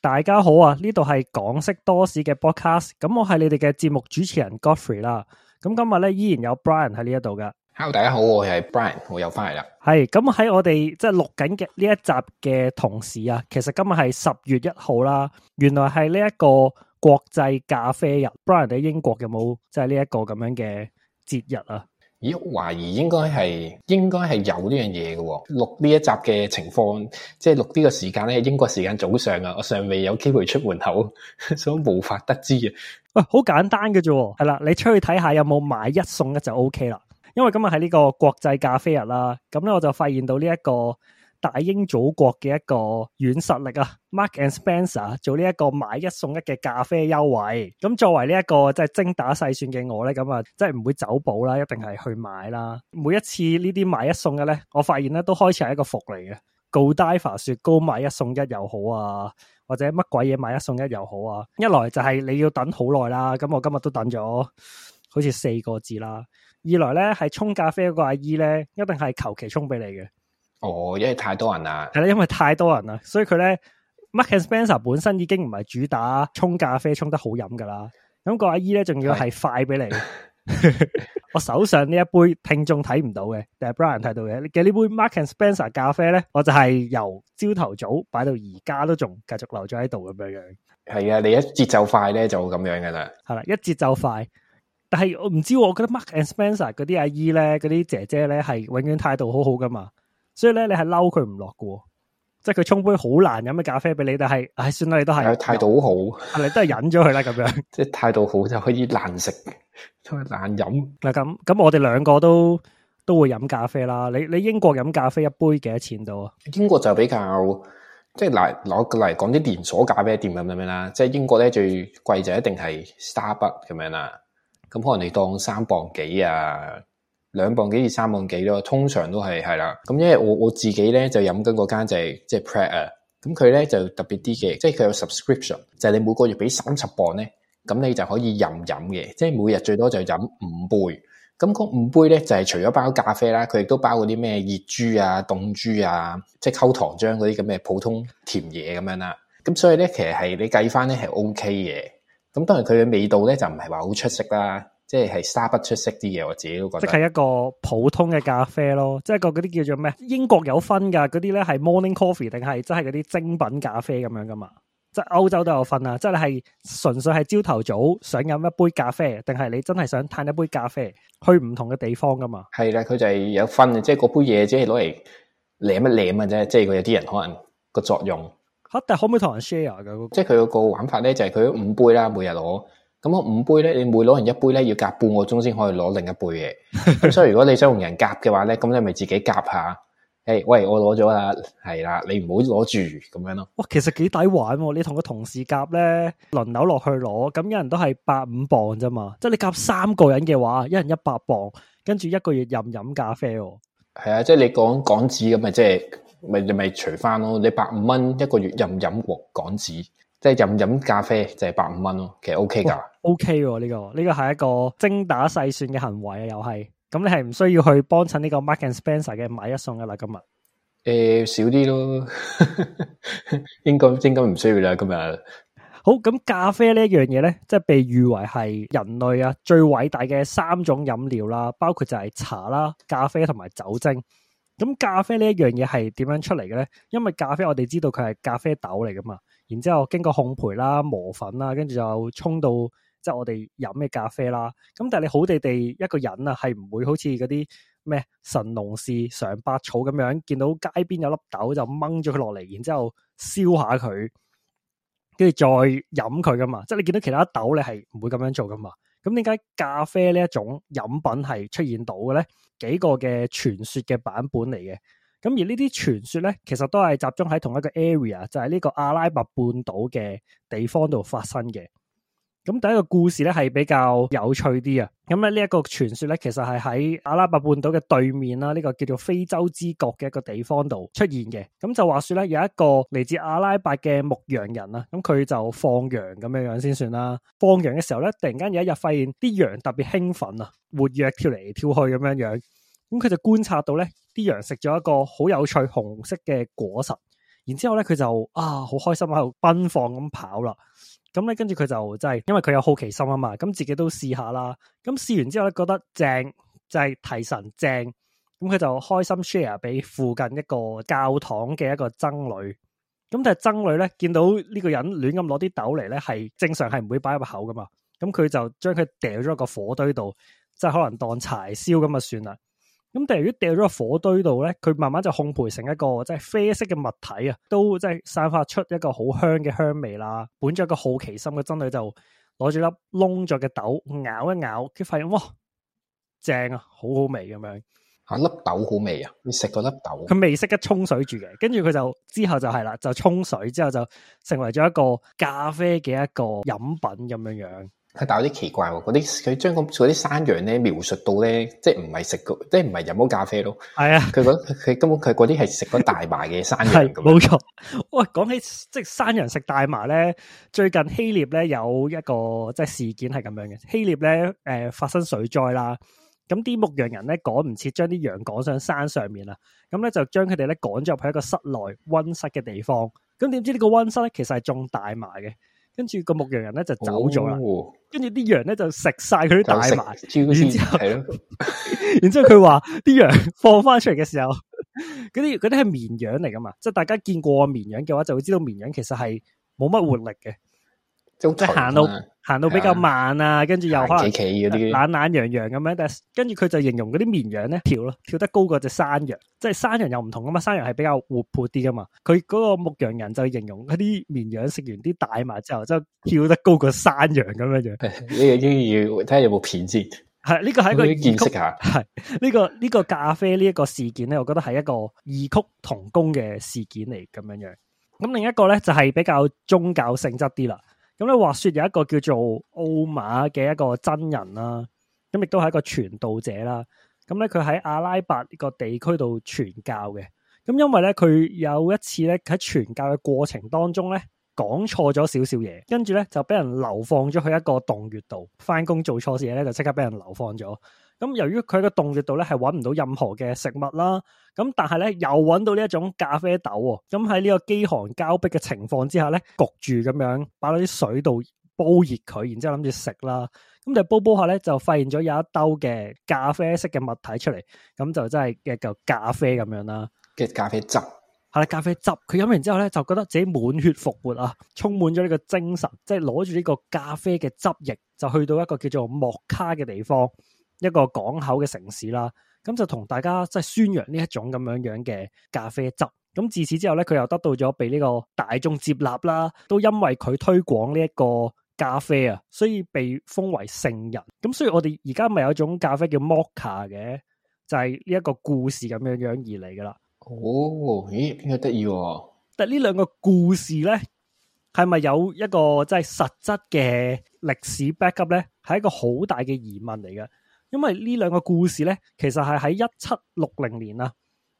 大家好啊！呢度係港識多史嘅 broadcast 咁我係你哋嘅節目主持人 Godfrey 啦。咁今日咧依然有 Brian 喺呢一度噶。Hello，大家好，我係 Brian，我又翻嚟啦。係咁喺我哋即係錄緊嘅呢一集嘅同時啊，其實今日係十月一號啦，原來係呢一個國際咖啡日、啊。Brian，你喺英國有冇即係呢一個咁樣嘅節日啊？咦，懷疑應該係應該係有呢樣嘢嘅，錄呢一集嘅情況，即係錄呢個時間咧，英國時間早上啊，我尚未有機會出門口，所 以無法得知嘅。喂，好、哎、簡單嘅啫，係啦，你出去睇下有冇買一送一就 OK 啦，因為今日係呢個國際咖啡日啦，咁咧我就發現到呢、這、一個。大英祖國嘅一個軟實力啊，Mark and Spencer 做呢一個買一送一嘅咖啡優惠。咁作為呢一個即係精打細算嘅我咧，咁啊，即係唔會走寶啦，一定係去買啦。每一次呢啲買一送一咧，我發現咧都開始係一個伏嚟嘅。Godiva 雪糕買一送一又好啊，或者乜鬼嘢買一送一又好啊。一來就係你要等好耐啦，咁我今日都等咗好似四個字啦。二來咧係沖咖啡嗰個阿姨咧，一定係求其沖俾你嘅。哦，因為太多人啦，係啦，因為太多人啦，所以佢咧，Mark and Spencer 本身已經唔係主打沖咖啡沖得好飲噶啦，咁、個阿姨咧仲要係快俾你。 我手上呢一杯聽眾睇唔到嘅，但係 Brian 睇到嘅，嘅呢 杯 Mark and Spencer 咖啡咧，我就係由朝頭早擺到而家都仲繼續留咗喺度咁樣樣。係啊的，嗯、你一節奏快咧就咁樣噶啦。係啦，一節奏快，但係我唔知、啊，我覺得 Mark and Spencer 嗰啲阿姨咧，嗰啲姐姐咧係永遠態度好好噶嘛。所以咧，你係嬲佢唔落嘅，即係佢沖杯好難飲嘅咖啡俾你。但係，唉、哎，算啦，你都係態度好，啊， 你都係忍咗佢啦咁樣。即係態度好就可以難食，難飲。嗱咁咁，我哋兩個都都會飲咖啡啦。你你英國飲咖啡一杯幾多錢度？啊？英國就比較即係、就是、拿攞嚟講啲連鎖咖啡店咁樣啦。即、就、係、是、英國咧最貴就一定係 Starbuck 咁樣啦。咁可能你當三磅幾啊？兩磅幾至三磅幾咯，通常都係係啦。咁因為我我自己咧就飲緊嗰間就係即係 Pret，咁佢咧就特別啲嘅，即係佢有 subscription，就係你每個月俾三十磅咧，咁你就可以任飲嘅，即係每日最多就飲五杯。咁嗰五杯咧就係、是、除咗包咖啡啦，佢亦都包嗰啲咩熱珠啊、凍珠啊，即係溝糖漿嗰啲咁嘅普通甜嘢咁樣啦。咁所以咧其實係你計翻咧係 OK 嘅。咁當然佢嘅味道咧就唔係話好出色啦。即係沙不出色啲嘢，我自己都覺得。即係一個普通嘅咖啡咯，即係個嗰啲叫做咩？英國有分噶，嗰啲咧係 morning coffee 定係即係嗰啲精品咖啡咁樣噶嘛？即係歐洲都有分啊！即係你係純粹係朝頭早想飲一杯咖啡，定係你真係想嘆一杯咖啡？去唔同嘅地方噶嘛？係啦，佢就係有分嘅，即係嗰杯嘢即係攞嚟舐一舐嘅啫。即係佢有啲人可能個作用。但係可唔可以同人 share 噶？即係佢嗰個玩法咧，就係佢五杯啦，每日攞。咁我五杯咧，你每攞完一杯咧，要隔半個鐘先可以攞另一杯嘅。所以、 啊、如果你想用人夾嘅話咧，咁你咪自己夾下。誒、Hey，喂，我攞咗啦，係啦，你唔好攞住咁樣咯。哇，其實幾抵玩喎、啊！你同個同事夾咧，輪流落去攞，咁有人都係八五磅咋嘛？即係你夾三個人嘅話，一人一百磅，跟住一個月任飲咖啡。係啊，即係你講港紙咁，咪即係咪咪除翻咯？你百五蚊一個月任飲國港紙。即係飲飲咖啡就係百五蚊咯，其實 OK 噶、哦，OK 呢、這個呢、這個係一個精打細算嘅行為啊，又係咁你係唔需要去幫襯呢個 Mark and Spencer 嘅買一送噶啦，今日誒少啲咯 應，應該應該唔需要啦，今日好，咁咖啡呢一樣嘢咧，即係被譽為係人類啊最偉大嘅三種飲料啦，包括就係茶啦、咖啡同埋酒精。咁咖啡呢一樣嘢係點樣出嚟嘅咧？因為咖啡我哋知道佢係咖啡豆嚟噶嘛。然之後經過烘焙啦、磨粉啦，跟住就沖到即係我哋飲嘅咖啡啦。咁但係你好哋哋一個人啊，係唔會好似嗰啲咩神農氏嘗百草咁樣，見到街邊有粒豆就掹咗佢落嚟，然之後燒下佢，跟住再飲佢噶嘛。即係你見到其他豆你係唔會咁樣做噶嘛。咁點解咖啡呢一種飲品係出現到嘅咧？幾個嘅傳説嘅版本嚟嘅。咁而呢啲傳說咧，其實都係集中喺同一個 area，就係呢個阿拉伯半島嘅地方度發生嘅。咁第一個故事咧係比較有趣啲啊。咁咧呢一個傳說咧，其實係喺阿拉伯半島嘅對面啦，呢個叫做非洲之角嘅一個地方度出現嘅。咁就話說咧，有一個嚟自阿拉伯嘅牧羊人啊，咁佢就放羊咁樣樣先算啦。放羊嘅時候咧，突然間有一日發現啲羊特別興奮啊，活躍跳嚟跳去咁樣樣。咁佢就觀察到咧。啲羊食咗一個好有趣紅色嘅果實，然之後咧佢就啊好開心喺度奔放咁跑啦，咁咧跟住佢就真係因為佢有好奇心啊嘛，咁自己都試下啦，咁試完之後咧覺得正就係、是、提神正，咁佢就開心 share 俾附近一個教堂嘅一個僧侶，咁但係僧侶咧見到呢個人亂咁攞啲豆嚟，咧係正常係唔會擺入口噶嘛，咁佢就將佢掉咗個火堆度，即係可能就當柴燒咁啊算啦。咁但係如果掉咗個火堆度咧，佢慢慢就烘焙成一個即係啡色嘅物體啊，都即係散發出一個好香嘅香味啦。本着一個好奇心，嘅僧侶，就攞住粒燶咗嘅豆咬一咬，佢發現哇正啊，好好味咁樣吓、啊、粒豆好味啊！你食過粒豆，佢未識得沖水住嘅，跟住佢就之後就係啦，就沖水之後就成為咗一個咖啡嘅一個飲品咁樣樣。係，但有啲奇怪喎。嗰啲佢將嗰啲山羊咧描述到咧，即係唔係食個，即係唔係飲咗咖啡咯。係啊、哎呀，佢講佢根本佢嗰啲係食嗰大麻嘅山羊嚟嘅。冇錯，喂，講起即係山羊食大麻咧，最近希臘咧有一個即係事件係咁樣嘅。希臘咧誒發生水災啦，咁啲牧羊人咧趕唔切，將啲羊趕上山上面啦，咁咧就將佢哋咧趕咗入去一個室內溫室嘅地方。咁點知個溫呢個溫室咧其實係種大麻嘅。跟住個牧羊人咧就走咗啦，跟住啲羊咧就食晒佢啲大麻，然之後， 然之後佢話啲羊放翻出嚟嘅時候，嗰啲嗰啲係綿羊嚟噶嘛，即係大家見過綿羊嘅話，就會知道綿羊其實係冇乜活力嘅，即係行得。行到比較慢啊，跟住的又可能懶懶洋洋咁樣，但係跟住佢就形容嗰啲綿羊咧跳咯，跳得高過隻山羊，即係山羊又唔同啊嘛，山羊係比較活潑啲噶嘛，佢嗰個牧羊人就形容嗰啲綿羊食完啲大麻之後，就跳得高過山羊咁樣樣。呢個英語睇下有冇片先。係呢個係一個認 識下。係呢、這個呢、這個這個咖啡呢一個事件咧，我覺得係一個異曲同工嘅事件嚟咁樣樣。咁另一個咧就係、是、比較宗教性質啲啦。咁咧話說有一個叫做奧馬嘅一個真人啦，咁亦都係一個傳道者啦。咁咧佢喺阿拉伯個地區度傳教嘅。咁因為咧佢有一次咧喺傳教嘅過程當中咧，講錯咗少少嘢，跟住咧就俾人流放咗去一個洞穴度。翻工做錯事嘢咧，就即刻俾人流放咗。咁、嗯、由於佢喺個洞穴度咧，係揾唔到任何嘅食物啦。咁、嗯、但係咧又揾到呢一種咖啡豆喎、哦。咁喺呢個飢寒交迫嘅情況之下咧，焗住咁樣擺落啲水度煲熱佢，然之後諗住食啦。咁就煲煲下咧，就發現咗有一兜嘅咖啡色嘅物體出嚟。咁、嗯、就真係叫做咖啡咁樣啦，嘅咖啡汁。咖啡汁，佢飲完之後咧，就覺得自己滿血復活啊，充滿咗呢個精神，即係攞住呢個咖啡嘅汁液，就去到一個叫做莫卡嘅地方，一個港口嘅城市啦。咁就同大家即係宣揚呢一種咁樣樣嘅咖啡汁。咁自此之後咧，佢又得到咗被呢個大眾接納啦，都因為佢推廣呢一個咖啡啊，所以被封為聖人。咁所以我哋而家咪有一種咖啡叫莫卡嘅，就係呢一個故事咁樣樣而嚟噶啦。哦，咦，邊個得意？但呢兩個故事咧，係咪有一個即係實質嘅歷史 back up 咧？係一個好大嘅疑問嚟嘅，因為呢兩個故事咧，其實係喺一七六零年啊，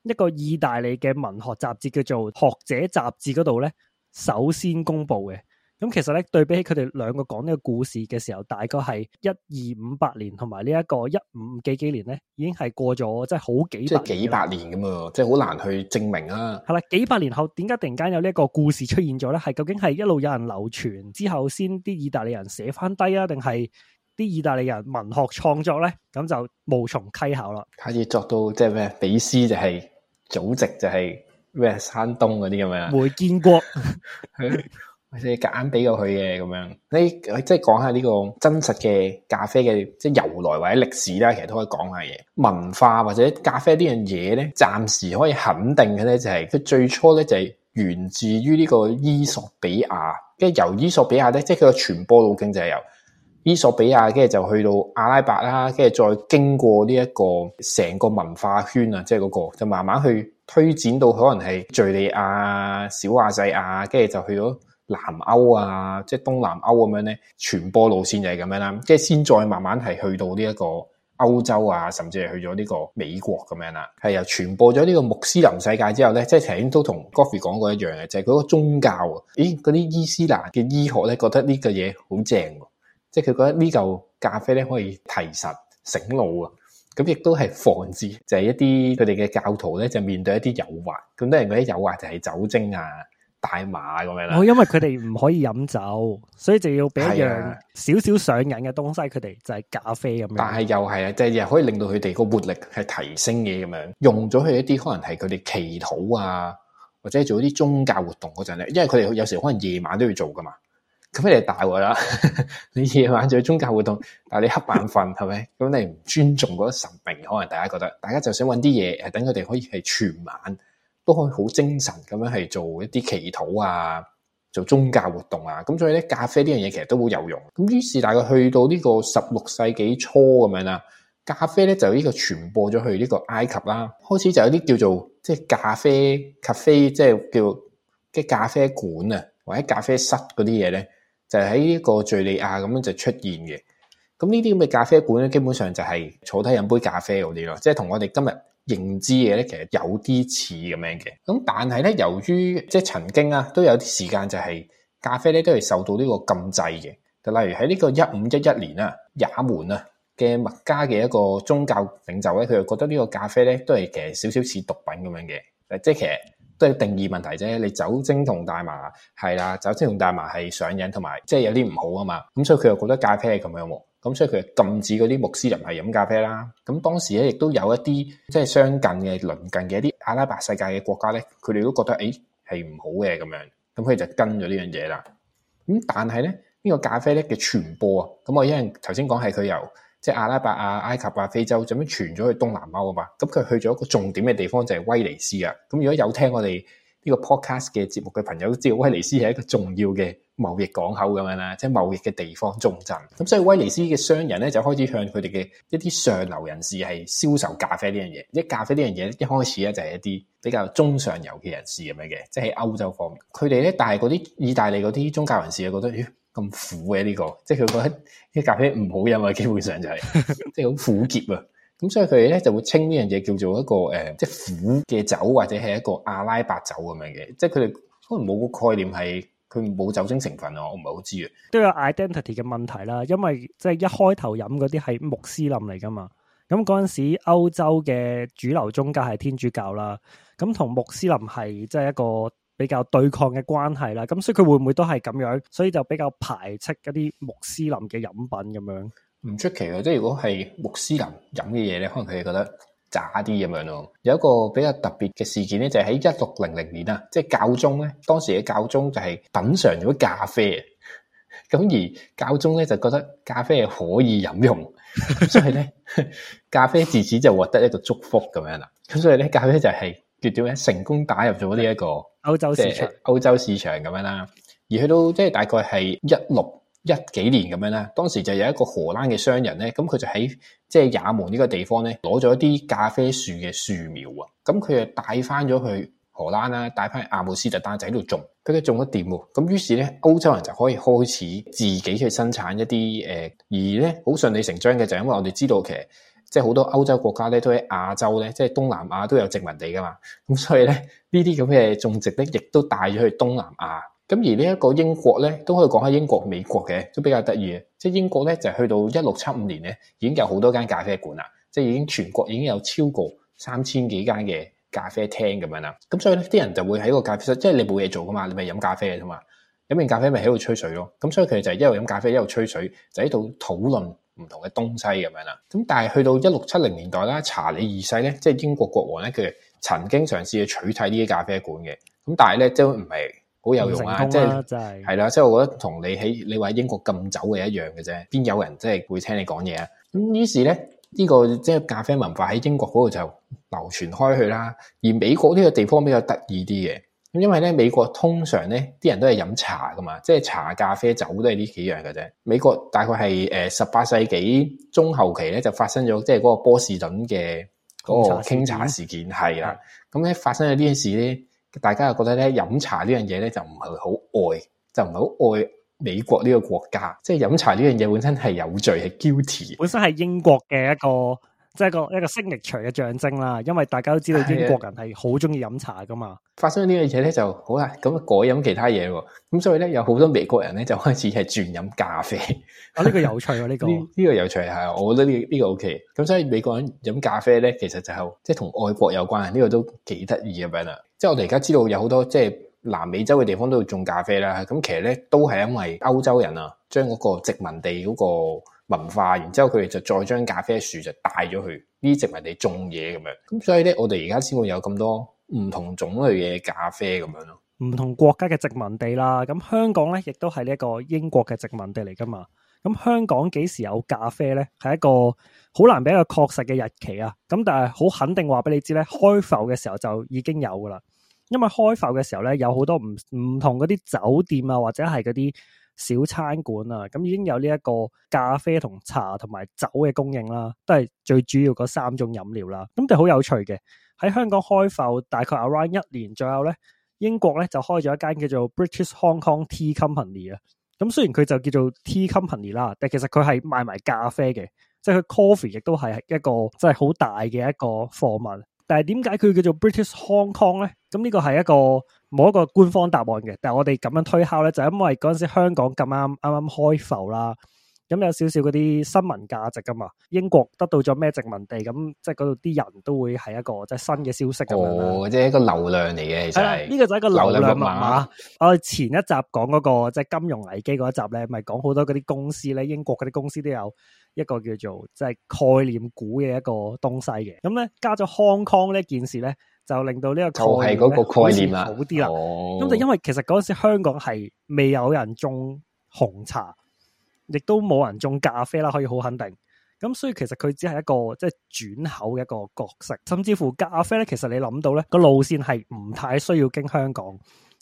一個意大利嘅文學雜誌叫做《學者雜誌》嗰度咧，首先公布嘅。咁其實咧，對比起佢哋兩個講呢個故事嘅時候，大概係一二五八年，同埋呢一個一五幾幾年咧，已經係過咗，即係好幾即係幾百年咁即係好難去證明啊。係啦，幾百年後，點解突然間有呢一個故事出現咗咧？係究竟係一路有人流傳之後，先啲意大利人寫翻低啊？定係啲意大利人文學創作咧？咁就無從稽考啦。開始作到即係咩？比斯就係祖籍就係咩山東嗰啲咁樣啊？冇見過。 或者你夾硬俾過佢嘅咁樣，你即係講下呢個真實嘅咖啡嘅即係由來或者歷史啦。其實都可以講下嘢文化或者咖啡呢樣嘢咧。暫時可以肯定嘅咧，就是，就係佢最初咧就係源自於呢個伊索比亞，跟住由伊索比亞咧，即係佢嘅傳播路徑就係由伊索比亞，跟住就去到阿拉伯啦，跟住再經過呢一個成個文化圈啊，即係嗰，那個就慢慢去推展到可能係敘利亞、小亞細亞，跟住就去咗。南歐啊，即係東南歐咁樣咧，傳播路線就係咁樣啦，即係先再慢慢係去到呢一個歐洲啊，甚至係去咗呢個美國咁樣啦。係由傳播咗呢個穆斯林世界之後咧，即係頭先都同 Godfrey 講過一樣嘅，就係佢嗰個宗教啊，咦嗰啲伊斯蘭嘅醫學咧覺得呢個嘢好正，即係佢覺得呢嚿咖啡咧可以提神醒腦啊，咁亦都係防止就係一啲佢哋嘅教徒咧就面對一啲誘惑，咁多人嗰啲誘惑就係酒精啊。大馬咁樣咧、哦，因為佢哋唔可以飲酒， 所以就要俾一樣少少上癮嘅東西，佢哋、啊、就係咖啡咁樣。但係又係啊，即、就、係、是、又可以令到佢哋個活力係提升嘅咁樣。用咗佢一啲可能係佢哋祈禱啊，或者做一啲宗教活動嗰陣咧，因為佢哋有時候可能夜晚都要做噶嘛。咁你大鑊啦！ 你夜晚做宗教活動，但係你瞌眼瞓係咪？咁 你唔尊重嗰個神明，可能大家覺得大家就想揾啲嘢，係等佢哋可以係全晚。都可以好精神咁樣係做一啲祈禱啊，做宗教活動啊，咁所以咧，咖啡呢樣嘢其實都好有用。咁於是大概去到呢個十六世紀初咁樣啦，咖啡咧，就呢個傳播咗去呢個埃及啦，開始就有啲叫做即係咖啡 cafe 即係叫嘅咖啡館啊，或者咖啡室嗰啲嘢咧，就喺、是、呢個敍利亞咁樣就出現嘅。咁呢啲咁嘅咖啡館咧，基本上就係坐低飲杯咖啡嗰啲咯，即係同我哋今日。認知嘢咧，其實有啲似咁樣嘅。咁但係咧，由於即係曾經啊，都有啲時間就係咖啡咧，都係受到呢個禁制嘅。就例如喺呢個一五一一年啊，也門啊嘅麥加嘅一個宗教領袖咧，佢就覺得呢個咖啡咧，都係其實少少似毒品咁樣嘅。即係其實都係定義問題啫。你酒精同大麻係啦，酒精同大麻係上癮，同埋即係有啲唔好啊嘛。咁所以佢又覺得咖啡係咁樣喎。咁所以佢禁止嗰啲穆斯林係飲咖啡啦。咁當時咧，亦都有一啲即係相近嘅鄰近嘅一啲阿拉伯世界嘅國家咧，佢哋都覺得誒，係唔好嘅咁樣。咁佢就跟咗呢樣嘢啦。咁但係咧，呢個咖啡咧嘅傳播啊，咁我一陣頭先講係佢由即係、就是、阿拉伯啊、埃及啊、非洲咁樣傳咗去東南歐啊嘛。咁佢去咗一個重點嘅地方就係威尼斯啊。咁如果有聽我哋呢個 podcast 嘅節目嘅朋友都知道，威尼斯係一個重要嘅貿易港口咁樣啦，即係貿易嘅地方重鎮。咁所以威尼斯嘅商人咧就開始向佢哋嘅一啲上流人士係銷售咖啡呢樣嘢。即咖啡呢樣嘢，一開始咧就係一啲比較中上游嘅人士咁樣嘅，即喺歐洲方面。佢哋咧，但係啲意大利嗰啲宗教人士就覺得，咦，咁苦嘅呢個，即係佢覺得啲咖啡唔好飲啊，基本上就係，即係好苦澀啊。咁、嗯、所以佢哋咧就會稱呢樣嘢叫做一個誒、呃，即係苦嘅酒或者係一個阿拉伯酒咁樣嘅，即係佢哋可能冇個概念係佢冇酒精成分啊，我唔係好知啊。都有 identity 嘅問題啦，因為即係一開頭飲嗰啲係穆斯林嚟㗎嘛，咁嗰陣時歐洲嘅主流宗教係天主教啦，咁同穆斯林係即係一個比較對抗嘅關係啦，咁所以佢會唔會都係咁樣？所以就比較排斥一啲穆斯林嘅飲品咁樣。唔出奇咯，即係如果係穆斯林飲嘅嘢咧，可能佢哋覺得渣啲咁樣咯。有一個比較特別嘅事件咧，就係喺一六零零年啊，即係教宗咧，當時嘅教宗就係品嘗咗咖啡，咁而教宗咧就覺得咖啡係可以飲用， 所以咧咖啡自此就獲得一個祝福咁樣啦。咁所以咧，咖啡就係、是、叫點咧成功打入咗呢一個歐洲市場，歐洲市場咁樣啦。而去到即係大概係一六。一幾年咁樣啦，當時就有一個荷蘭嘅商人咧，咁佢就喺即係也門呢個地方咧，攞咗一啲咖啡樹嘅樹苗啊，咁佢就帶翻咗去荷蘭啦，帶翻去阿姆斯特丹喺度種，佢都種得掂，咁於是咧，歐洲人就可以開始自己去生產一啲誒、呃，而咧好順理成章嘅就係因為我哋知道其實即係好多歐洲國家咧都喺亞洲咧，即係東南亞都有殖民地噶嘛，咁所以咧呢啲咁嘅種植咧，亦都帶咗去東南亞。咁而呢一個英國咧，都可以講喺英國、美國嘅都比較得意嘅。即係英國咧，就去到一六七五年咧，已經有好多間咖啡館啦，即係已經全國已經有超過三千幾間嘅咖啡廳咁樣啦。咁所以咧，啲人就會喺個咖啡室，即係你冇嘢做噶嘛，你咪飲咖啡嘅啫嘛，飲完咖啡咪喺度吹水咯。咁所以佢哋就係一路飲咖啡一路吹水，就喺度討論唔同嘅東西咁樣啦。咁但係去到一六七零年代啦，查理二世咧，即係英國國王咧，佢曾經嘗試去取締呢啲咖啡館嘅。咁但係咧，都唔係。好有用啊！即係係啦，即係、就是就是、我覺得同你喺你話喺英國禁酒嘅一樣嘅啫，邊有人即係會聽你講嘢啊？咁於是咧，呢、這個即係咖啡文化喺英國嗰度就流傳開去啦。而美國呢個地方比較得意啲嘅，咁因為咧美國通常咧啲人都係飲茶噶嘛，即係茶、咖啡、酒都係呢幾樣嘅啫。美國大概係誒十八世紀中後期咧就發生咗即係嗰個波士頓嘅嗰個傾茶事件係啦。咁咧發生咗呢件事咧。大家又覺得咧飲茶呢樣嘢咧就唔係好愛，就唔係好愛美國呢個國家。即係飲茶呢樣嘢本身係有罪，係 guilty。本身係英國嘅一個即係一個一個 signature 嘅象徵啦。因為大家都知道英國人係好中意飲茶噶嘛。發生呢樣嘢咧就好啦，咁改飲其他嘢，咁所以咧有好多美國人咧就開始係轉飲咖啡。啊、 哦，呢、這個有趣喎，呢、這個呢 個有趣係啊，我覺得呢、這、呢、個這個 OK。咁所以美國人飲咖啡咧，其實就即係同愛國有關。呢、這個都幾得意嘅品啊。即係我哋而家知道有好多即係南美洲嘅地方都會種咖啡啦，咁其實咧都係因為歐洲人啊，將嗰個殖民地嗰個文化，然之後佢哋就再將咖啡樹就帶咗去呢啲殖民地種嘢咁樣，咁所以咧我哋而家先會有咁多唔同種類嘅咖啡咁樣咯。唔同國家嘅殖民地啦，咁香港咧亦都係呢一個英國嘅殖民地嚟噶嘛。咁香港幾時有咖啡咧？係一個好難俾一個確實嘅日期啊！咁但係好肯定話俾你知咧，開埠嘅時候就已經有噶啦。因為開埠嘅時候咧，有好多唔唔同嗰啲酒店啊，或者係嗰啲小餐館啊，咁、嗯、已經有呢一個咖啡同茶同埋酒嘅供應啦，都係最主要嗰三種飲料啦。咁就好有趣嘅，喺香港開埠大概 around 一年左右咧，英國咧就開咗一間叫做 British Hong Kong Tea Company 啊。咁雖然佢就叫做 Tea Company 啦，但其實佢係賣埋咖啡嘅，即係佢 coffee 亦都係一個即係好大嘅一個貨物。但係點解佢叫做 British Hong Kong 咧？咁、這、呢個係一個冇一個官方答案嘅，但係我哋咁樣推敲咧，就係、因為嗰陣時香港咁啱啱啱開埠啦。咁有少少嗰啲新聞價值噶嘛？英國得到咗咩殖民地？咁即係嗰度啲人都會係一個即係、就是、新嘅消息咁樣、哦、即係一個流量嚟嘅，係啦。呢、哎這個就係個流量密碼。我前一集講嗰、那個即係、就是、金融危機嗰一集咧，咪講好多嗰啲公司咧，英國嗰啲公司都有一個叫做即係、就是、概念股嘅一個東西嘅。咁咧加咗香港呢件事咧，就令到呢個係個概念啦，念好啲啦。咁就、哦、因為其實嗰時香港係未有人種紅茶。亦都冇人種咖啡啦，可以好肯定。咁所以其實佢只係一個即係轉口嘅一個角色，甚至乎咖啡咧，其實你諗到咧個路線係唔太需要經香港，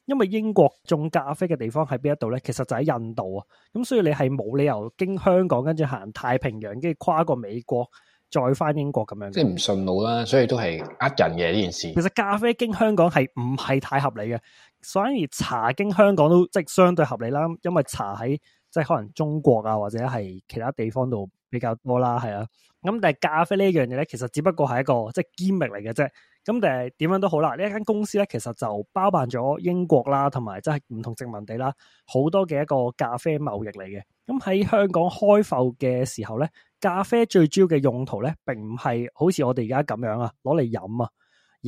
因為英國種咖啡嘅地方喺邊一度咧，其實就喺印度啊。咁所以你係冇理由經香港，跟住行太平洋，跟住跨過美國再翻英國咁樣，即係唔順路啦。所以都係呃人嘅呢件事。其實咖啡經香港係唔係太合理嘅，反而茶經香港都即係相對合理啦，因為茶喺。即係可能中國啊，或者係其他地方度比較多啦，係啊。咁但係咖啡呢樣嘢咧，其實只不過係一個即係 gimmick 嚟嘅啫。咁但係點樣都好啦，呢一間公司咧，其實就包辦咗英國啦，同埋即係唔同殖民地啦，好多嘅一個咖啡貿易嚟嘅。咁喺香港開埠嘅時候咧，咖啡最主要嘅用途咧，並唔係好似我哋而家咁樣啊，攞嚟飲啊。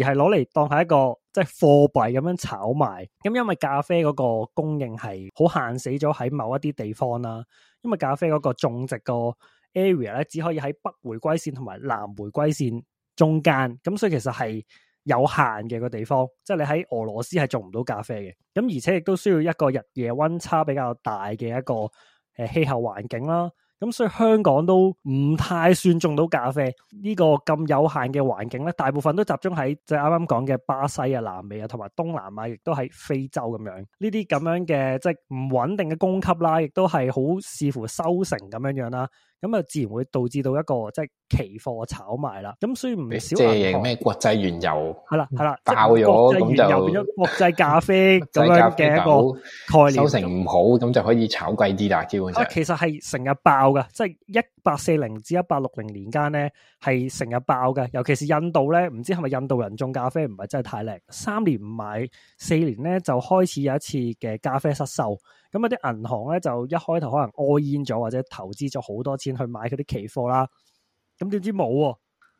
而係攞嚟當係一個即係貨幣咁樣炒賣，咁因為咖啡嗰個供應係好限死咗喺某一啲地方啦。因為咖啡嗰個種植個 area 咧，只可以喺北迴歸線同埋南迴歸線中間，咁所以其實係有限嘅個地方。即係你喺俄羅斯係種唔到咖啡嘅。咁而且亦都需要一個日夜溫差比較大嘅一個誒氣候環境啦。咁所以香港都唔太算中到咖啡呢、呢個咁有限嘅環境咧，大部分都集中喺即係啱啱講嘅巴西啊、南美啊，同埋東南亞、啊，亦都喺非洲咁樣呢啲咁樣嘅即係唔穩定嘅供給啦，亦都係好視乎收成咁樣樣啦。咁啊，就自然會導致到一個即係期貨炒賣啦。咁所以唔少嘅咩國際原油，係啦，係啦爆咗，咁國際原油變咗國際咖啡咁 咖樣嘅一個概念，收成唔好咁就可以炒貴啲啦。基本上其實係成日爆嘅，即係一八四零至一八六零年間咧，係成日爆嘅。尤其是印度咧，唔知係咪印度人種咖啡唔係真係太叻，三年唔買，四年咧就開始有一次嘅咖啡失收。咁啊啲銀行咧就一開頭可能 all in 咗，或者投資咗好多錢去買嗰啲期貨啦。咁點知冇、啊，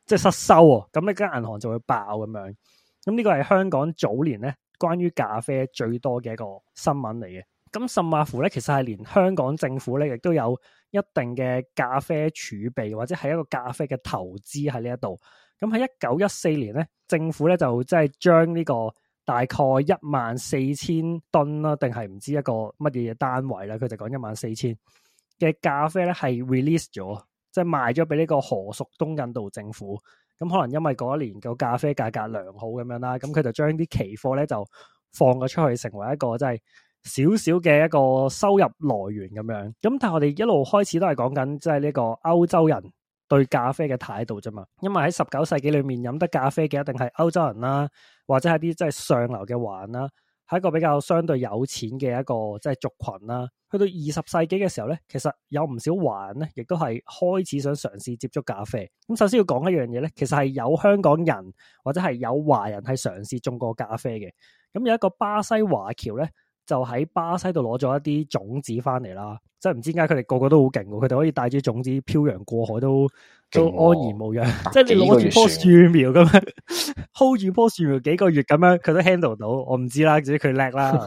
即係失收喎、啊。咁一間銀行就會爆咁樣。咁呢個係香港早年咧關於咖啡最多嘅一個新聞嚟嘅。咁甚至乎咧，其實係連香港政府咧亦都有一定嘅咖啡儲備，或者係一個咖啡嘅投資喺呢一度。咁喺一九一四年咧，政府咧就即係將呢、這個。大概一萬四千噸啦，定係唔知一個乜嘢單位咧？佢就講一萬四千嘅咖啡咧，係 release 咗，即係賣咗俾呢個荷屬東印度政府。咁可能因為嗰一年個咖啡價格良好咁樣啦，咁佢就將啲期貨咧就放咗出去，成為一個即係少少嘅一個收入來源咁樣。咁但係我哋一路開始都係講緊即係呢個歐洲人對咖啡嘅態度啫嘛，因為喺十九世紀裏面飲得咖啡嘅一定係歐洲人啦，啊，或者係啲即係上流嘅華人啦，係一個比較相對有錢嘅一個即係族群啦，啊。去到二十世紀嘅時候咧，其實有唔少華人咧，亦都係開始想嘗試接觸咖啡。咁首先要講一樣嘢咧，其實係有香港人或者係有華人係嘗試種過咖啡嘅。咁有一個巴西華僑咧，就喺巴西度攞咗一啲種子翻嚟啦，即係唔知點解佢哋個個都好勁，佢哋可以帶住啲種子漂洋過海都、哦、都安然無恙，即係你攞住棵樹苗咁樣 hold 住棵樹苗幾個月咁樣，佢都 handle 到，我唔知啦，只係佢叻啦。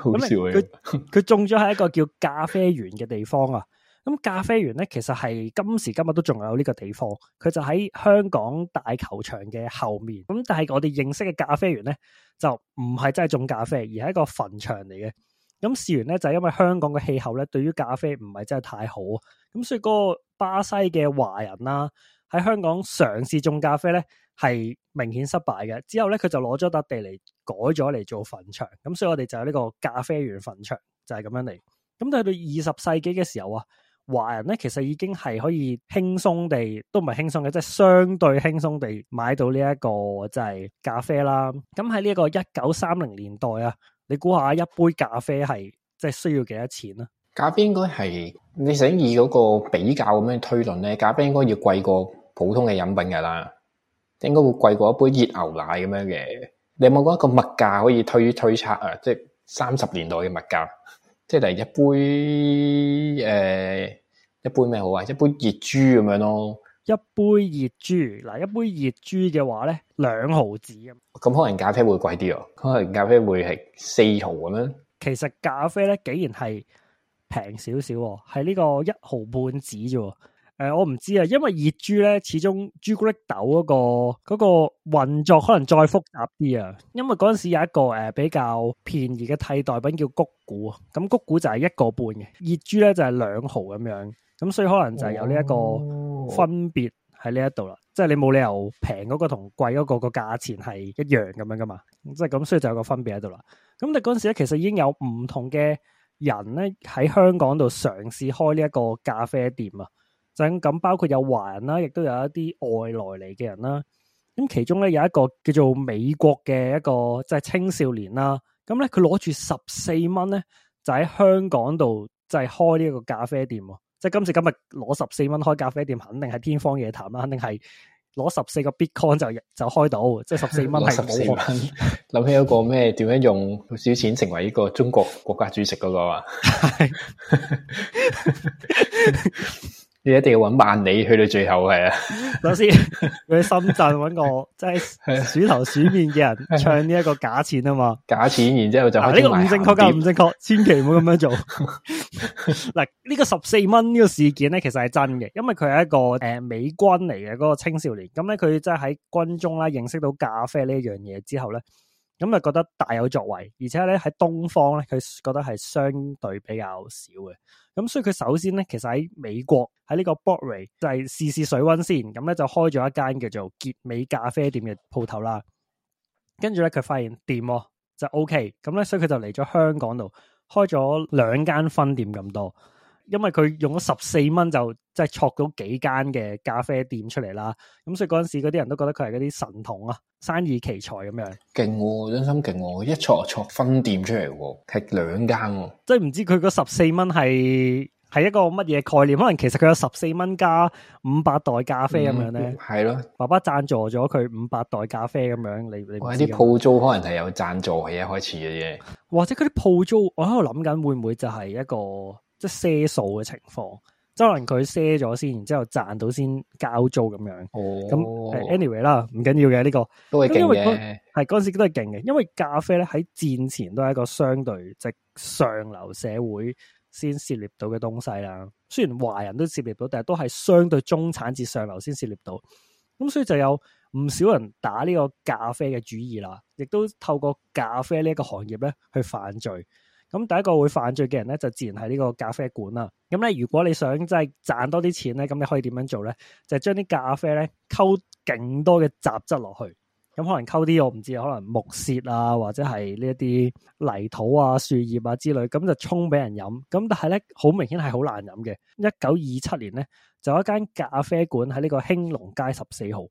好笑啊，佢佢 種咗喺一個叫咖啡園嘅地方啊。咁咖啡園咧，其實係今時今日都仲有呢個地方，佢就喺香港大球場嘅後面。咁但係我哋認識嘅咖啡園咧，就唔係真係種咖啡，而係一個墳場嚟嘅。咁事緣咧就係、是、因為香港嘅氣候咧，對於咖啡唔係真係太好，咁所以個巴西嘅華人啦、啊，喺香港嘗試種咖啡咧係明顯失敗嘅。之後咧佢就攞咗笪地嚟改咗嚟做墳場。咁所以我哋就係呢個咖啡園墳場就係、是、咁樣嚟。咁到到二十世紀嘅時候啊。華人咧，其實已經係可以輕鬆地，都唔係輕鬆嘅，即係相對輕鬆地買到呢一個即係咖啡啦。咁喺呢一個一九三零年代啊，你估下一杯咖啡係即係需要幾多錢啊？咖啡應該係，你想以嗰個比較咁樣推論咧，咖啡應該要貴過普通嘅飲品噶啦，應該會貴過一杯熱牛奶咁樣嘅。你有冇一個物價可以推推測啊？即係三十年代嘅物價？即係嚟，一杯誒、呃，一杯咩好啊？一杯熱朱咁樣咯。一杯熱朱嗱，一杯熱朱嘅話咧，兩毫子。咁可能咖啡會貴啲啊？可能咖啡會係四毫咁樣。其實咖啡咧，竟然係平少少，係呢個一毫半子啫。誒、嗯，我唔知啊，因為熱珠咧，始終朱古力豆嗰、那個嗰、那個運作可能再複雜啲啊。因為嗰陣時有一個誒、呃、比較便宜嘅替代品叫谷古咁，谷、嗯、古就係一個半嘅熱珠咧，就係、是、兩毫咁樣咁、嗯，所以可能就係有呢一個分別喺呢一度啦。哦、即係你冇理由平嗰個同貴嗰個個價錢係一樣咁樣噶嘛，即係咁、嗯，所以就有個分別喺度啦。咁你嗰陣時咧，其實已經有唔同嘅人咧喺香港度嘗試開呢一個咖啡店啊。咁包括有華人啦，亦都有一啲外來嚟嘅人啦。咁其中咧，有一個叫做美國嘅一個即係、就是、青少年啦。咁咧佢攞住十四蚊咧，就喺香港度即係開呢一個咖啡店。即係今次今日攞十四蚊開咖啡店肯，肯定係天方夜譚啦。肯定係攞十四個 Bitcoin 就就開到，即係十四蚊十四蚊。諗 起有個咩？點樣用少錢成為一個中國國家主席嗰個啊？ 你一定要揾萬里去到最後係啊，老師喺深圳揾個即係鼠頭鼠面嘅人 唱呢一個假錢啊嘛，假錢然之後就呢、啊這個唔正確，唔正確，千祈唔好咁樣做。嗱、 啊，呢、這個十四蚊呢個事件咧，其實係真嘅，因為佢係一個誒美軍嚟嘅嗰個青少年，咁咧佢真係喺軍中啦，認識到咖啡呢樣嘢之後咧。咁就覺得大有作為，而且咧喺東方咧，佢覺得係相對比較少嘅。咁所以佢首先咧，其實喺美國喺呢個 Broadway 就係試試水溫先，咁咧就開咗一間叫做傑美咖啡店嘅鋪頭啦。跟住咧，佢發現店喎、啊、就 O K，咁咧所以佢就嚟咗香港度開咗兩間分店咁多。因為佢用咗十四蚊就即係拓咗幾間嘅咖啡店出嚟啦，咁所以嗰陣時嗰啲人都覺得佢係嗰啲神童啊，生意奇才咁樣。勁喎、哦，真心勁喎、哦，一拓拓分店出嚟喎、哦，係兩間喎、哦。即係唔知佢嗰十四蚊係係一個乜嘢概念？可能其實佢有十四蚊加五百袋咖啡咁樣咧。係咯、嗯，爸爸贊助咗佢五百袋咖啡咁樣你你。啲鋪租可能係有贊助喺一開始嘅嘢，或者嗰啲鋪租我喺度諗緊會唔會就係一個。即係賒數嘅情況，即係可能佢賒咗先，然之後賺到先交租咁樣。哦，咁 anyway 啦，唔緊要嘅，呢個都係勁嘅，係嗰陣時都係勁嘅。因為咖啡咧喺戰前都係一個相對即上流社會先涉獵到嘅東西啦。雖然華人都涉獵到，但係都係相對中產至上流先涉獵到。咁所以就有唔少人打呢個咖啡嘅主意啦，亦都透過咖啡呢一個行業咧去犯罪。咁第一個會犯罪嘅人咧，就自然係呢個咖啡館啦。咁咧，如果你想即係賺多啲錢咧，咁你可以點樣做咧？就將、係、啲咖啡咧溝勁多嘅雜質落去，咁可能溝啲我唔知，可能木屑啊，或者係呢一啲泥土啊、樹葉啊之類，咁就沖俾人飲。咁但係咧，好明顯係好難飲嘅。一九二七年咧，就有一間咖啡館喺呢個興隆街十四號，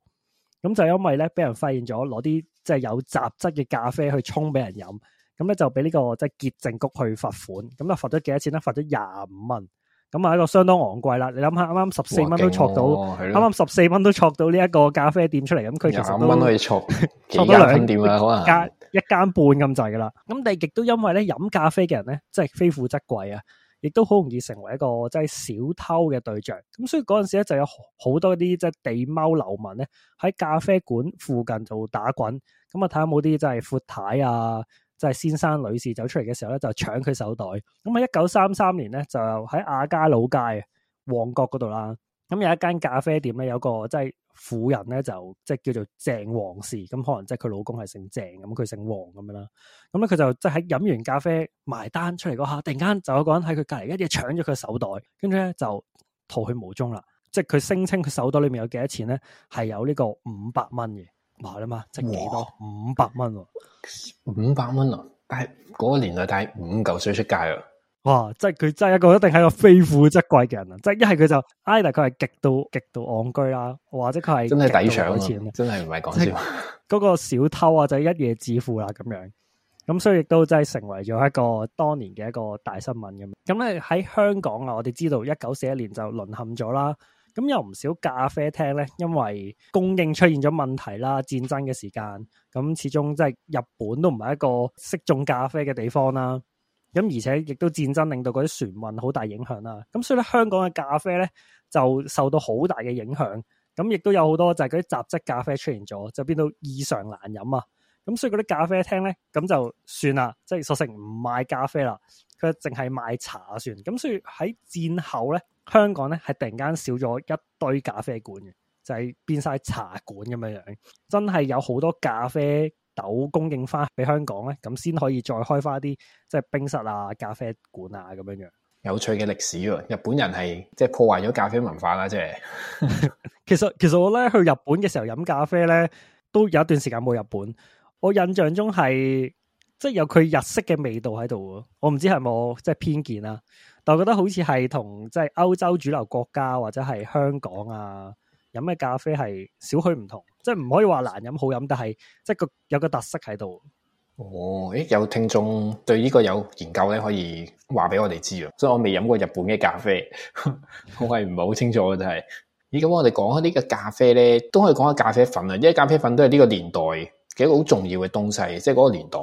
咁就因為咧俾人發現咗攞啲即係有雜質嘅咖啡去沖俾人飲。咁咧，就俾呢個即係潔淨局去罰款，咁啊罰咗幾多錢咧？罰咗廿五蚊，咁啊一個相當昂貴啦。你諗下，啱啱十四蚊都錯到，啱啱十四蚊都錯到呢一個咖啡店出嚟，咁佢了其實都蚊都要錯、 啊，錯多兩間一間半咁滯噶啦。咁但係亦都因為咧，飲咖啡嘅人咧，即係非富則貴啊，亦都好容易成為一個即係小偷嘅對象。咁所以嗰陣時咧，就有好多啲即係地踎流民咧喺咖啡館附近做打滾。咁啊睇下有冇啲即係闊太啊～即係先生女士走出嚟嘅時候咧，就搶佢手袋。咁喺一九三三年咧，就喺亞皆老街旺角嗰度啦。咁有一間咖啡店咧，有個即係、就是、婦人咧，就即係、就是、叫做鄭黃氏。咁可能即係佢老公係姓鄭，咁佢姓黃咁樣啦。咁咧佢就即係喺飲完咖啡埋單出嚟嗰下，突然間就有一個人喺佢隔離一嘢搶咗佢手袋，跟住咧就逃去無蹤啦。即係佢聲稱佢手袋裏面有幾多錢咧，係有呢個五百蚊嘅。嘛啦嘛，哇即係幾多？五百蚊，五百蚊啊！但係嗰個年代，但五嚿水出街啊！哇！即係佢真係一個，一定係一個非富則貴嘅人啊！即係一係佢就，哎，但係佢係極度極度昂居啦，或者佢係真係抵上錢，真係唔係講笑是。嗰 個小偷啊，就一夜致富啦咁樣，咁所以亦都真係成為咗一個當年嘅一個大新聞咁樣。咁咧喺香港啊，我哋知道一九四一年就淪陷咗啦。咁有唔少咖啡廳咧，因為供應出現咗問題啦，戰爭嘅時間，咁始終即係日本都唔係一個適種咖啡嘅地方啦。咁而且亦都戰爭令到嗰啲船運好大影響啦。咁所以咧，香港嘅咖啡咧就受到好大嘅影響。咁亦都有好多就係嗰啲雜質咖啡出現咗，就變到異常難飲啊。咁所以嗰啲咖啡廳咧，咁就算啦，即係索性唔賣咖啡啦，佢淨係賣茶算。咁所以喺戰後咧。香港咧係突然間少咗一堆咖啡館嘅，就係變晒茶館咁樣樣。真係有好多咖啡豆供應翻俾香港咧，咁先可以再開翻啲即係冰室啊、咖啡館啊咁樣樣。有趣嘅歷史啊！日本人係即係破壞咗咖啡文化啦、啊，即係 其實其實我咧去日本嘅時候飲咖啡咧，都有一段時間冇日本。我印象中係即係有佢日式嘅味道喺度。我唔知係冇即係偏見啊。但我覺得好似係同即係歐洲主流國家或者係香港啊，飲嘅咖啡係少許唔同，即係唔可以話難飲好飲，但係即係個有個特色喺度。哦，誒，有聽眾對呢個有研究咧，可以話俾我哋知啊。所以我未飲過日本嘅咖啡， 我係唔係好清楚嘅，就係。咦，咁我哋講下呢個咖啡咧，都可以講下咖啡粉啊，因為咖啡粉都係呢個年代，幾個好重要嘅東西，即係嗰個年代，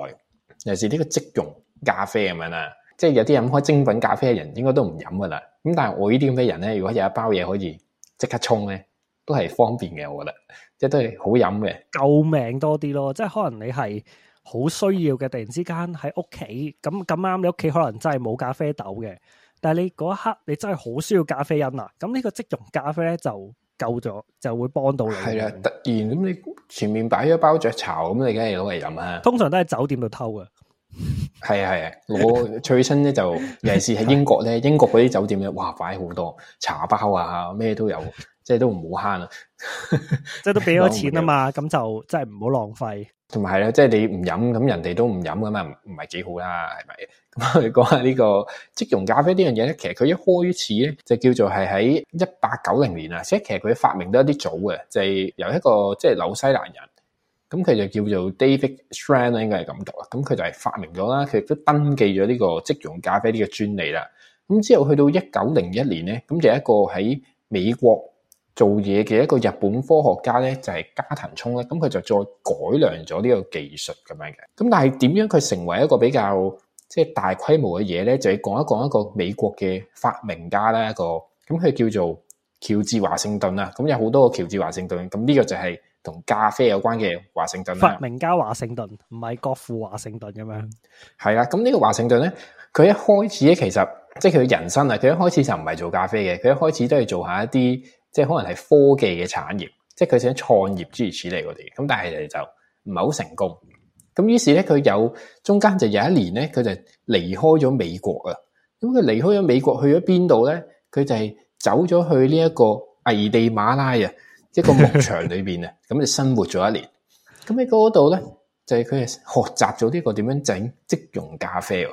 尤其是呢個即溶咖啡咁樣啦。即係有啲飲開精品咖啡嘅人，應該都唔飲噶啦。咁但係我呢啲咁嘅人咧，如果有一包嘢可以即刻沖咧，都係方便嘅。我覺得，即係都係好飲嘅。救命多啲咯！即係可能你係好需要嘅，突然之間喺屋企咁咁啱，你屋企可能真係冇咖啡豆嘅，但係你嗰一刻你真係好需要咖啡因啊！咁呢個即溶咖啡咧就夠咗，就會幫到你。係啊，突然咁你前面擺咗包雀巢咁，你梗係攞嚟飲啊！通常都喺酒店度偷嘅。係啊係啊，我最新咧就尤其是喺英國咧，英國嗰啲酒店咧，哇快好多茶包啊，咩都有，即係都唔好慳啊，即係都俾咗錢啊嘛，咁就真係唔好浪費。同埋係啦，即係你唔飲，咁人哋都唔飲噶嘛，唔唔係幾好啦，係咪？咁我哋講下呢個即溶咖啡呢樣嘢咧，其實佢一開始咧就叫做係喺一八九零年啊，即係其實佢發明得一啲早嘅，就係、是、由一個即係紐西蘭人。咁佢就叫做 David Strang 啦，應該係咁讀啦。咁佢就係發明咗啦，佢亦都登記咗呢個即溶咖啡呢個專利啦。咁之後去到一九零一年咧，咁就一個喺美國做嘢嘅一個日本科學家咧，就係、是、加藤聰咧。咁佢就再改良咗呢個技術咁樣嘅。咁但係點樣佢成為一個比較即係大規模嘅嘢咧？就係講一講一個美國嘅發明家啦，一、那個咁佢叫做喬治華盛頓啦。咁有好多個喬治華盛頓，咁呢個，個就係、是。同咖啡有關嘅華盛頓，啊，發明家華盛頓唔係國父華盛頓咁樣。係啦，咁呢個華盛頓咧，佢一開始咧，其實即係佢人生啊，佢一開始就唔係做咖啡嘅，佢一開始都係做下一啲即係可能係科技嘅產業，即係佢想創業諸如此類嗰啲。咁但係就唔係好成功。咁於是咧，佢有中間就有一年咧，佢就離開咗美國啊。咁佢離開咗美國去咗邊度咧？佢就係走咗去呢一個危地馬拉啊。一個牧場裏邊啊，咁佢生活咗一年，咁喺嗰度咧就係佢係學習咗呢個點樣整即溶咖啡哦，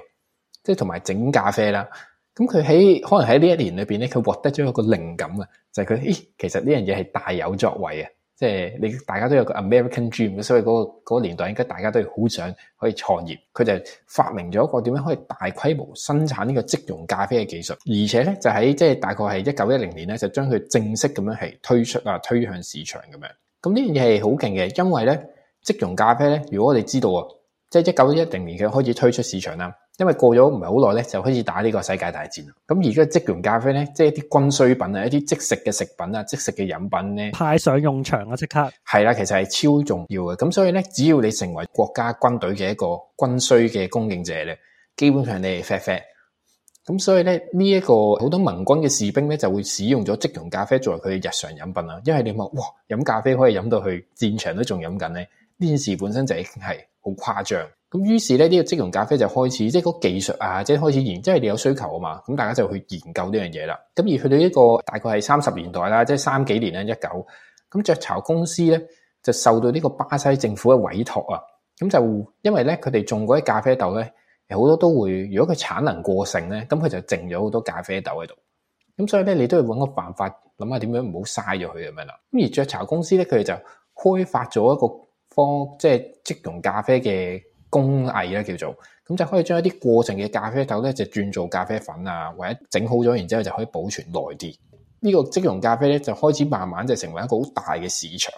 即係同埋整咖啡啦。咁佢喺可能喺呢一年裏邊咧，佢獲得咗一個靈感啊，就係佢咦，其實呢樣嘢係大有作為嘅。即係你大家都有一個 American dream 所以嗰個年代應該大家都要好想可以創業。佢就發明咗一個點樣可以大規模生產呢個即溶咖啡嘅技術，而且咧就喺即係大概係一九一零年咧就將佢正式咁樣係推出啊，推向市場咁樣。咁呢樣嘢係好勁嘅，因為咧即溶咖啡咧，如果我哋知道啊，即係一九一零年佢開始推出市場啦。因為過咗唔係好耐咧，就開始打呢個世界大戰啦。咁而家即溶咖啡咧，即係一啲軍需品啊，一啲即食嘅食品啊，即食嘅飲品咧，派上用場啊，即刻係啦，其實係超重要嘅。咁所以咧，只要你成為國家軍隊嘅一個軍需嘅供應者咧，基本上你 fat fat。咁所以咧，呢一個好多盟軍嘅士兵咧，就會使用咗即溶咖啡作為佢嘅日常飲品啦。因為你話哇，飲咖啡可以飲到去戰場都仲飲緊咧，呢件事本身就係好誇張。咁於是咧，呢個即溶咖啡就開始即係嗰技術啊，即係開始研，即係你有需求啊嘛。咁大家就去研究呢樣嘢啦。咁而去到一個大概係三十年代啦，即係三幾年咧，一九，咁雀巢公司咧就受到呢個巴西政府嘅委託啊。咁就因為咧佢哋種嗰啲咖啡豆咧，好多都會如果佢產能過剩咧，咁佢就剩咗好多咖啡豆喺度。咁所以咧，你都要揾個辦法諗下點樣唔好嘥咗佢咁樣啦。咁而雀巢公司咧，佢哋就開發咗一個科，即係即溶咖啡嘅。工藝咧叫做，咁就可以將一啲過程嘅咖啡豆咧，就轉做咖啡粉啊，或者整好咗，然之後就可以保存耐啲。呢、呢個即溶咖啡咧，就開始慢慢就成為一個好大嘅市場，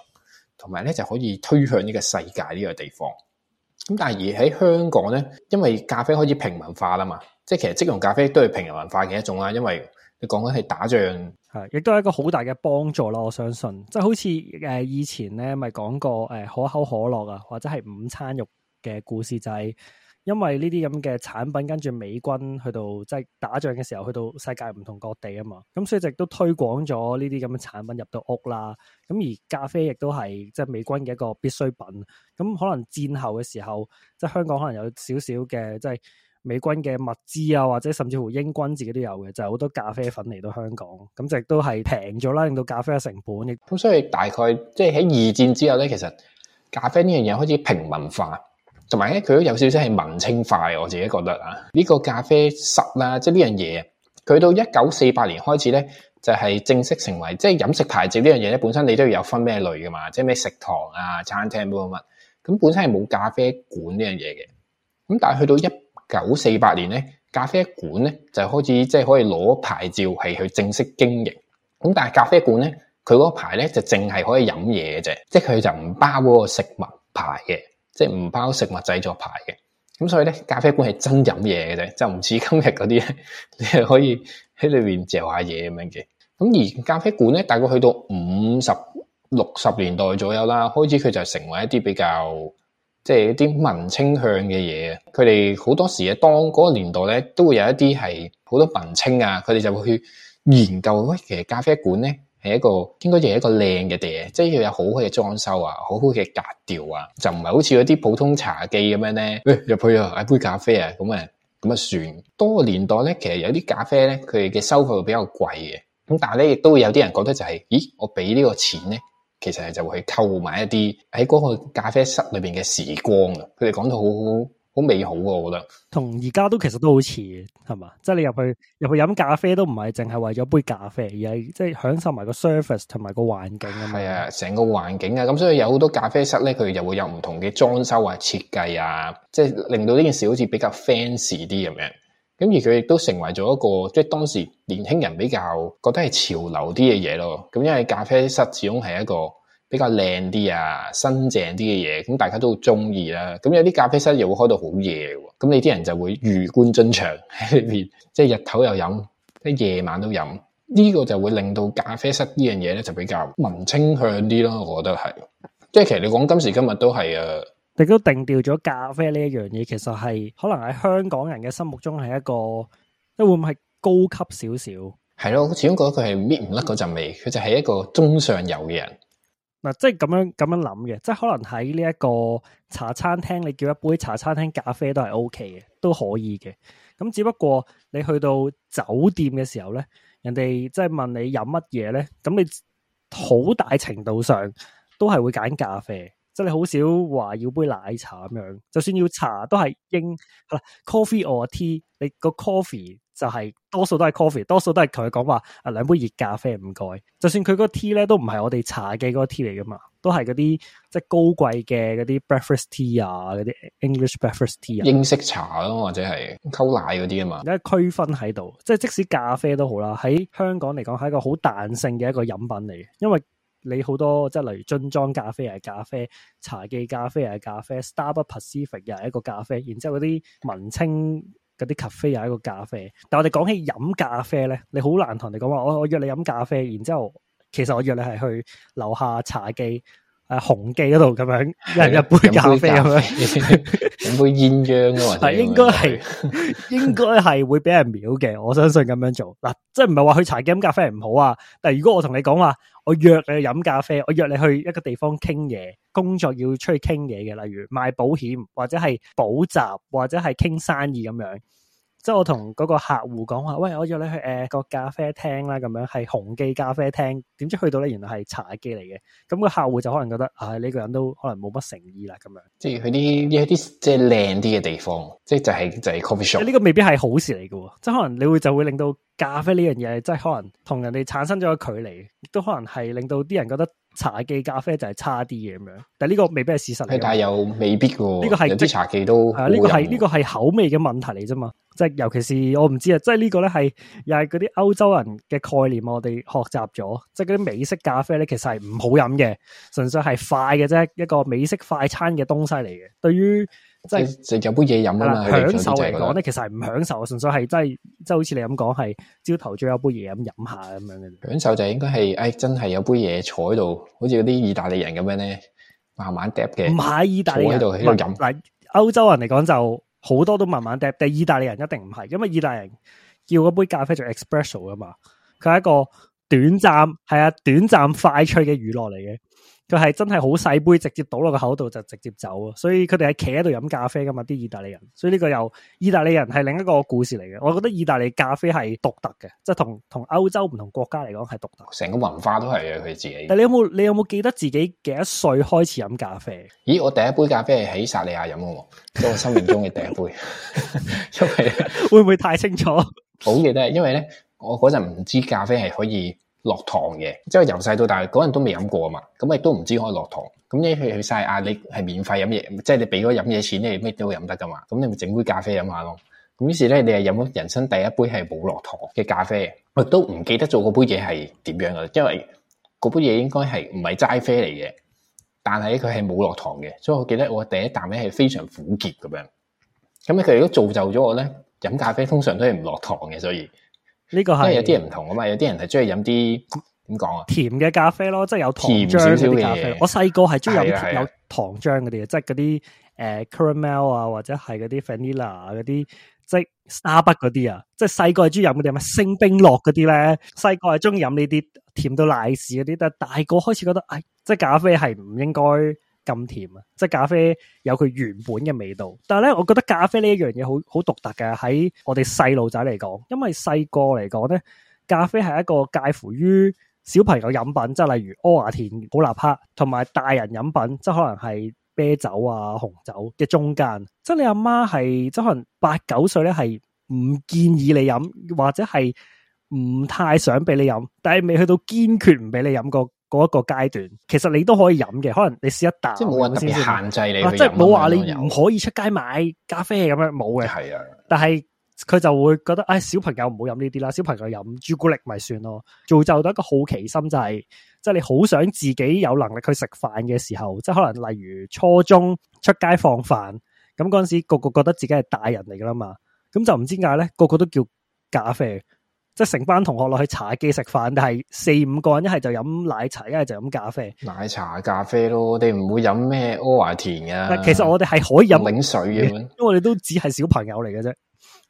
同埋咧就可以推向呢個世界呢個地方。咁但係而喺香港咧，因為咖啡開始平民化啦嘛，即係其實即溶咖啡都係平民化嘅一種啦、啊。因為你講緊係打仗，係亦都係一個好大嘅幫助咯。我相信，即、就、係、是、好似誒以前咧，咪講過誒可口可樂啊，或者係午餐肉。嘅故事就係因為呢啲咁嘅產品跟住美軍去到即係打仗嘅時候，去到世界唔同各地啊嘛。咁所以直都推廣咗呢啲咁嘅產品入到屋啦。咁而咖啡亦都係即係美軍嘅一個必需品。咁可能戰後嘅時候，即係香港可能有少少嘅即係美軍嘅物資啊，或者甚至乎英軍自己都有嘅，就係好多咖啡粉嚟到香港。咁就亦都係平咗啦，令到咖啡嘅成本。亦咁所以大概即係喺二戰之後咧，其實咖啡呢樣嘢開始平民化。同埋咧，佢都有少少係文青化，我自己覺得啊，呢、這個咖啡室啦、啊，即係呢樣嘢，佢到一九四八年開始咧，就係、是、正式成為即係飲食牌照呢樣嘢咧。本身你都要有分咩類噶嘛，即係咩食堂啊、餐廳乜乜乜咁。本身係冇咖啡館呢樣嘢嘅。咁但係去到一九四八年咧，咖啡館咧就開始即係、就是、可以攞牌照係去正式經營。咁但係咖啡館咧，佢嗰個牌咧就淨係可以飲嘢嘅啫，即係佢就唔包嗰個食物牌嘅。即係唔包食物製作牌嘅，咁所以咧，咖啡館係真飲嘢嘅啫，就唔似今日嗰啲咧， 你係可以喺裏邊嚼下嘢咁樣嘅。咁而咖啡館咧，大概去到五十六十年代左右啦，開始佢就成為一啲比較即係一啲文青向嘅嘢。佢哋好多時啊，當嗰個年代咧，都會有一啲係好多文青啊，佢哋就會去研究，喂，其實咖啡館咧。係一個應該亦係一個靚嘅地，即係要有好好嘅裝修啊，好好嘅格調啊，就唔係好似嗰啲普通茶記咁樣咧。誒、哎，入去啊，買杯咖啡啊，咁啊，咁啊，算。多個年代咧，其實有啲咖啡咧，佢嘅收費會比較貴嘅。咁但係咧，亦都有啲人覺得就係、是，咦，我俾呢個錢咧，其實係就會去購買一啲喺嗰個咖啡室裏邊嘅時光啊。佢哋講到好好。好美好喎，我覺得。同而家都其實都好似，係嘛？即係你入去入去飲咖啡都唔係淨係為咗杯咖啡，而係即係享受埋個 service 同埋個環境啊嘛。係啊，成個環境啊，咁所以有好多咖啡室咧，佢又會有唔同嘅裝修啊、設計啊，即係令到呢件事好似比較 fancy 啲咁樣。咁而佢亦都成為咗一個，即係當時年輕人比較覺得係潮流啲嘅嘢咯。咁因為咖啡室始終係一個。比較靚啲啊，新淨啲嘅嘢，咁大家都中意啦。咁有啲咖啡室又會開到好夜，咁你啲人就會魚貫進場，即係日頭又飲，即係夜晚都飲。呢、這個就會令到咖啡室呢樣嘢咧就比較文青向啲咯，我覺得係。即係其實你講今時今日都係啊，亦都定調咗咖啡呢一樣嘢，其實係可能喺香港人嘅心目中係一個，即係會唔係高級少少？係咯，始終覺得佢係搣唔甩嗰陣味，佢就係一個中上游嘅人。嗱，即係咁樣咁樣諗嘅，即係可能喺呢一個茶餐廳，你叫一杯茶餐廳咖啡都係 O K 嘅，都可以嘅。咁只不過你去到酒店嘅時候咧，人哋即係問你飲乜嘢咧，咁你好大程度上都係會揀咖啡，即係你好少話要杯奶茶咁樣。就算要茶都係應係啦，coffee or tea，你個 coffee。就係、是、多數都係 coffee，多數都係佢講話啊，兩杯熱咖啡唔該。就算佢個 tea 咧都唔係我哋茶記嗰個 tea 嚟㗎嘛，都係嗰啲即係高貴嘅嗰啲 breakfast tea 啊，嗰啲 English breakfast tea 啊，英式茶咯，或者係溝奶嗰啲啊嘛。而家區分喺度，即係即使咖啡都好啦，喺香港嚟講係一個好彈性嘅一個飲品嚟嘅。因為你好多即係例如樽裝咖啡係咖啡，茶記咖啡係咖啡，Starbucks Pacific 又係一個咖啡，然之後嗰啲文青。嗰啲咖啡又係一個咖啡，但係我哋講起飲咖啡咧，你好難同人哋講話，我我約你飲咖啡，然之後其實我約你係去樓下茶記。誒，紅記嗰度咁樣飲一,一杯咖啡咁樣，一 杯鴛鴦啊，係 應該係應該係會俾人秒嘅，我相信咁樣做嗱， 即係唔係話去茶記飲咖啡唔好啊，但係如果我同你講話，我約你去飲咖啡，我約你去一個地方傾嘢，工作要出去傾嘢嘅，例如賣保險或者係補習或者係傾生意咁樣。即係我同嗰個客戶講話，喂，我約你去誒個咖啡廳啦，咁樣係紅記咖啡廳。點知去到咧，原來係茶記嚟嘅。咁個客戶就可能覺得，唉、啊，呢、這個人都可能冇乜誠意啦，咁樣。即係去啲一啲即係靚啲嘅地方，即係就係、是、就係 coffee shop。呢個未必係好事嚟嘅，即係可能你會就會令到咖啡呢樣嘢，即係可能同人哋產生咗個距離，亦都可能係令到啲人覺得。茶記咖啡就係差啲嘅咁樣，但係呢個未必係事實嚟。係，但又未必喎。呢個係有茶記都係啊。呢個係呢個係口味嘅問題嚟啫嘛。即係尤其是我唔知啊，即係呢個咧係又係嗰啲歐洲人嘅概念，我哋學習咗，即係嗰啲美式咖啡咧，其實係唔好飲嘅，純粹係快嘅啫，一個美式快餐嘅東西嚟嘅。對於即係食有杯嘢飲啊嘛！的享受嚟講咧，其實係唔享受啊，純粹係真係即係好似你咁講，係朝頭早有杯嘢咁飲下咁樣嘅。享受就應該係，誒、哎，真係有杯嘢坐喺度，好似嗰啲意大利人咁樣咧，慢慢嗒嘅。唔係意大利人，坐喺度喺度飲。嗱是，歐洲人嚟講就好多都慢慢嗒，但係意大利人一定唔係，因為意大利人叫嗰杯咖啡做 Espresso 啊嘛，佢係一個短暫係啊短暫快脆嘅娛樂嚟嘅。佢係真係好細杯，直接倒落個口度就直接走啊！所以佢哋係企喺度飲咖啡噶嘛，啲意大利人。所以呢個又意大利人係另一個故事嚟嘅。我覺得意大利咖啡係獨特嘅，即係同同歐洲唔同國家嚟講係獨特。成個文化都係佢自己。但你有冇你有冇記得自己幾多歲開始飲咖啡？咦！我第一杯咖啡係喺薩利亞飲嘅，喎，即係我生命中嘅第一杯。 因為會唔會太清楚？好記得咧，因為咧，我嗰陣唔知咖啡係可以。落糖嘅，即係由細到大嗰陣都未飲過啊嘛，咁亦都唔知可以落糖。咁你去去晒啊，你係免費飲嘢，即係你俾咗飲嘢錢，你咩都飲得噶嘛。咁你咪整杯咖啡飲下咯。咁於是咧，你係飲咗人生第一杯係冇落糖嘅咖啡，我亦都唔記得做嗰杯嘢係點樣噶，因為嗰杯嘢應該係唔係齋啡嚟嘅，但係佢係冇落糖嘅。所以我記得我第一啖咧係非常苦澀咁樣。咁咧佢亦都造就咗我咧，飲咖啡通常都係唔落糖嘅，所以。呢個係有啲人唔同噶嘛，有啲人係中意飲啲，點講啊，甜嘅咖啡咯，即係有糖漿嘅咖啡。我細個係中意飲有糖漿嗰啲嘢，是的 即係嗰啲誒、呃、caramel 啊，或者係嗰啲 vanilla 嗰、啊、啲，即係 Starbucks 嗰啲啊。即係細個係中意飲啲咩星冰樂嗰啲咧，細個係中意飲呢啲甜到奶屎嗰啲，但係大個開始覺得，唉，即係咖啡係唔應該。咁甜啊！即係咖啡有佢原本嘅味道，但係咧，我覺得咖啡呢一樣嘢好好獨特嘅。喺我哋細路仔嚟講，因為細個嚟講咧，咖啡係一個介乎於小朋友飲品，即係例如阿華田、好立克，同埋大人飲品，即係可能係啤酒啊、紅酒嘅中間。即係你阿媽係即係可能八九歲咧，係唔建議你飲，或者係唔太想俾你飲，但係未去到堅決唔俾你飲過。嗰一個階段，其實你都可以飲嘅，可能你試一啖，即係冇搵特別限制你、啊，即係冇話你唔可以出街買咖啡咁樣冇嘅，係啊。的但係佢就會覺得，唉、哎，小朋友唔好飲呢啲啦，小朋友飲朱古力咪算咯。造就到一個好奇心、就是，就係即係你好想自己有能力去食飯嘅時候，即、就、係、是、可能例如初中出街放飯，咁嗰陣時個個覺得自己係大人嚟噶啦嘛，咁就唔知點解咧，個個都叫咖啡。即係成班同學落去茶記食飯，但係四五個人一係就飲奶茶，一係就飲咖啡。奶茶、咖啡咯，我哋唔會飲咩阿華田嘅。但其實我哋係可以飲檸水嘅，因為我哋都只係小朋友嚟嘅啫，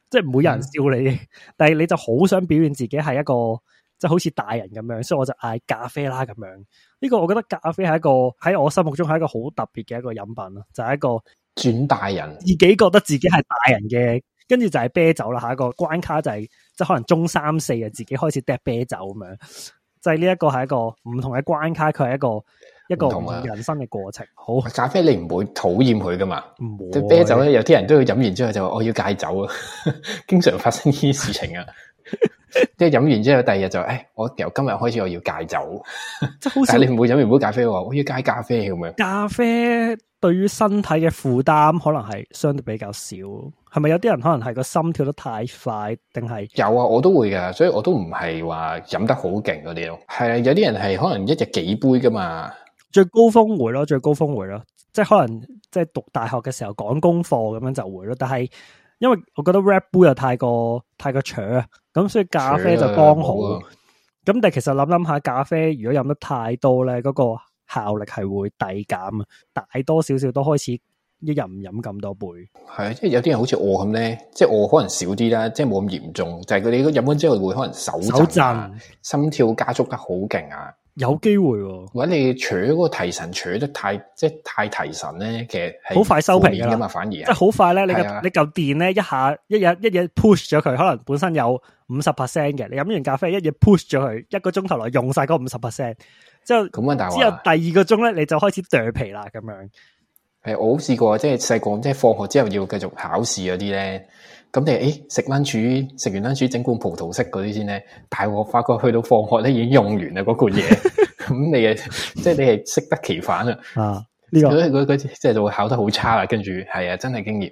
即係唔會有人笑你。的但係你就好想表現自己係一個即係好似大人咁樣，所以我就嗌咖啡啦咁樣。呢個我覺得咖啡係一個喺我心目中係一個好特別嘅一個飲品咯，就係一個轉大人，自己覺得自己係大人嘅，跟住就係啤酒啦，下一個關卡就係。即係可能中三四啊，自己開始嗒啤酒咁樣，就係、是、呢一個係一個唔同嘅關卡，佢係一個一個人生嘅過程。好、啊、咖啡你唔會討厭佢噶嘛？唔會是啤酒咧，有啲人都要飲完之後就話我要戒酒啊， 經常發生呢啲事情啊。即係飲完之後第二日就誒、哎，我由今日開始我要戒酒。即係好，但你唔會飲完杯咖啡話，我要戒咖啡咁樣。咖啡。對於身體嘅負擔可能係相對比較少，係咪有啲人可能係個心跳得太快，定係有啊？我都會㗎，所以我都唔係話飲得好勁嗰啲咯。係啊，有啲人係可能一日幾杯噶嘛。最高峰回咯，最高峰回咯，即係可能即係讀大學嘅時候講功課咁樣就回咯。但係因為我覺得 Red Bull 又太過太過灼啊，咁所以咖啡就剛好。咁但係其實諗諗下，咖啡如果飲得太多咧，嗰個。效力係會遞減啊，大多少少都開始一日唔飲咁多杯。係啊，即係有啲人好似我咁咧，即係我可能少啲啦，即係冇咁嚴重，就係佢哋飲完之後會可能手震、手震心跳加速得好勁啊。有機會喎，或者你除咗個提神，除得太即係太提神咧，其實好快收皮噶嘛，反而即係好快咧，你你嚿電咧一下一日一嘢 push 咗佢，可能本身有五十 percent 嘅，你飲完咖啡一嘢 push 咗佢一, it, 一個鐘頭內用晒嗰五十 percent。之後咁啊，大之後第二個鐘咧，你就開始掉皮啦，咁樣。係我試過，即係細個，即係放學之後要繼續考試嗰啲咧。咁你誒食 lunch，食完 lunch 整罐葡萄適嗰啲先咧。但係我發覺去到放學咧已經用完啦嗰罐嘢，咁 你即係你係適得其反啦。啊，呢、這個嗰佢即係就會考得好差啦。跟住係啊，真係經驗。